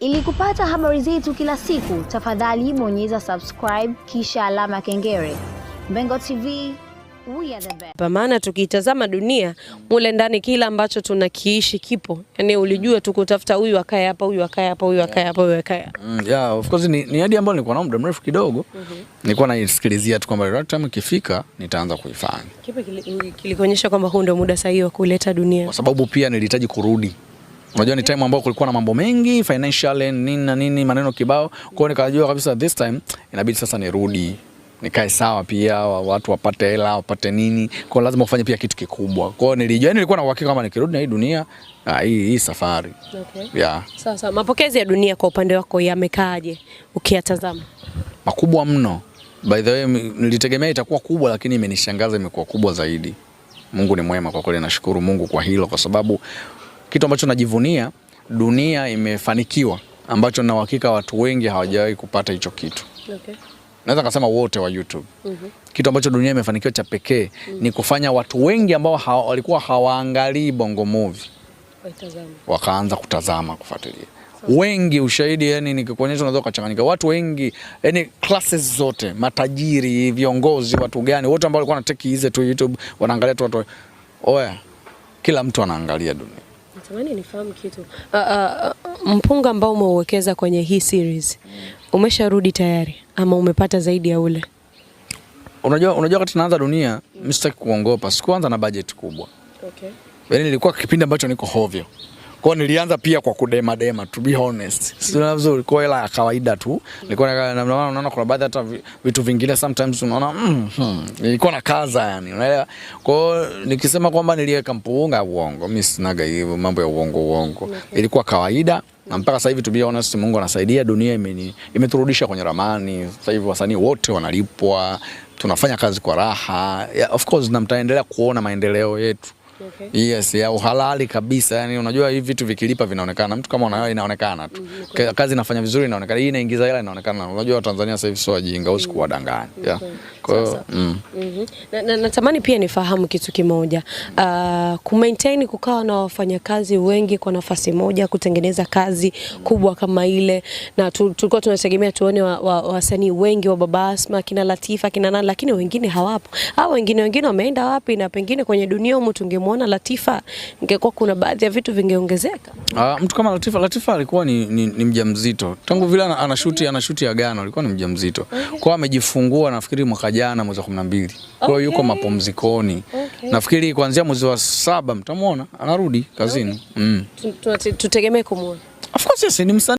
Ili kupata habari zetu kila siku, tafadhali bonyeza subscribe kisha alama ya kengele. Mbengo TV, Kwa maana tukiitazama dunia mule ndani, kila ambacho tunakiishi kipo, yani ulijua tu kutafuta huyu akae hapa, huyu akae hapa, huyu akae hapa, huyu akae hapa. Mm, yeah, of course ni, ni hadi ambayo nilikuwa na muda mrefu kidogo mm -hmm. Nilikuwa naisikilizia tu kwamba right time ikifika nitaanza kuifanya. Kipi kilikuonyesha kwamba huu ndio muda sahihi wa kuleta dunia? Kwa sababu pia nilihitaji kurudi Unajua ni time ambayo kulikuwa na mambo mengi financial nini na nini maneno kibao. Kwa hiyo nikajua kabisa this time inabidi sasa nirudi nikae sawa, pia watu wapate hela wapate nini, kwa hiyo lazima ufanye pia kitu kikubwa. Kwa hiyo nilijua, yani nilikuwa na uhakika kama nikirudi na hii dunia hii hii safari. Okay. Yeah. Sasa mapokezi ya dunia kwa upande wako yamekaaje ukiyatazama? Makubwa mno. By the way, nilitegemea itakuwa kubwa, lakini imenishangaza imekuwa kubwa zaidi. Mungu ni mwema kwa kweli, nashukuru Mungu kwa hilo kwa sababu kitu ambacho najivunia, dunia imefanikiwa ambacho na uhakika watu wengi hawajawahi kupata hicho kitu. Okay. Naweza kusema wote wa YouTube. Mm -hmm. Kitu ambacho dunia imefanikiwa cha pekee mm -hmm. ni kufanya watu wengi ambao hawa, walikuwa hawaangalii Bongo Movie wakaanza kutazama kufuatilia. So, wengi ushahidi, yani nikikuonyesha unaweza ukachanganyika. Watu wengi yani classes zote, matajiri, viongozi, watu gani wote ambao walikuwa wanateki hizi tu YouTube wanaangalia tu watu. Oya, kila mtu anaangalia dunia Natamani nifahamu kitu. Uh, uh, mpunga ambao umeuwekeza kwenye hii series umesharudi tayari ama umepata zaidi ya ule? Unajua, unajua wakati naanza Dunia msitaki kuongopa, sikuanza na bajeti kubwa okay. Yaani nilikuwa kipindi ambacho niko hovyo kwao nilianza pia kwa kudema dema to be honest. Sio vizuri kwa hela ya kawaida tu. Nilikuwa na namna maana unaona kuna baadhi hata vitu vingine sometimes unaona mm, mm, nilikuwa na kaza yani unaelewa. Kwa hiyo nikisema kwamba niliweka mpunga uongo. Mimi sinaga hivyo mambo ya uongo uongo. Mm-hmm. Ilikuwa kawaida na mpaka sasa hivi to be honest, Mungu anasaidia, dunia imeni imeturudisha kwenye ramani. Sasa hivi wasanii wote wanalipwa, tunafanya kazi kwa raha. Yeah, of course na mtaendelea kuona maendeleo yetu. Okay. Yes, ya uhalali kabisa. Yani unajua hivi vitu vikilipa vinaonekana. Mtu kama unayo inaonekana tu. Mm -hmm. Kazi inafanya vizuri inaonekana. Hii inaingiza hela inaonekana. Unajua Watanzania sasa hivi sio wajinga, usiku mm. wadanganya. Okay. Yeah. Kwa hiyo mm. mm -hmm. Natamani na, pia nifahamu kitu kimoja. Uh, mm. ah, ku maintain kukawa na wafanyakazi wengi kwa nafasi moja kutengeneza kazi mm. kubwa kama ile na tulikuwa tunategemea tuone wasanii wa, wa wengi wa Baba Asma, kina Latifa, kina nani lakini wengine hawapo. Hao wengine wengine wameenda wapi na pengine kwenye dunia mtu tungemwona nikamwona Latifa, ingekuwa kuna baadhi ya vitu vingeongezeka. Ah, mtu kama Latifa, Latifa alikuwa ni, ni, ni mjamzito tangu vile anashuti anashuti ya Agano, alikuwa ni mjamzito kwao, amejifungua nafikiri mwaka jana mwezi wa 12. Kwa hiyo okay. yuko mapumzikoni okay. nafikiri kuanzia mwezi wa saba mtamwona anarudi kazini okay. mm. tutegemee kumwona of course, yes, ni msanii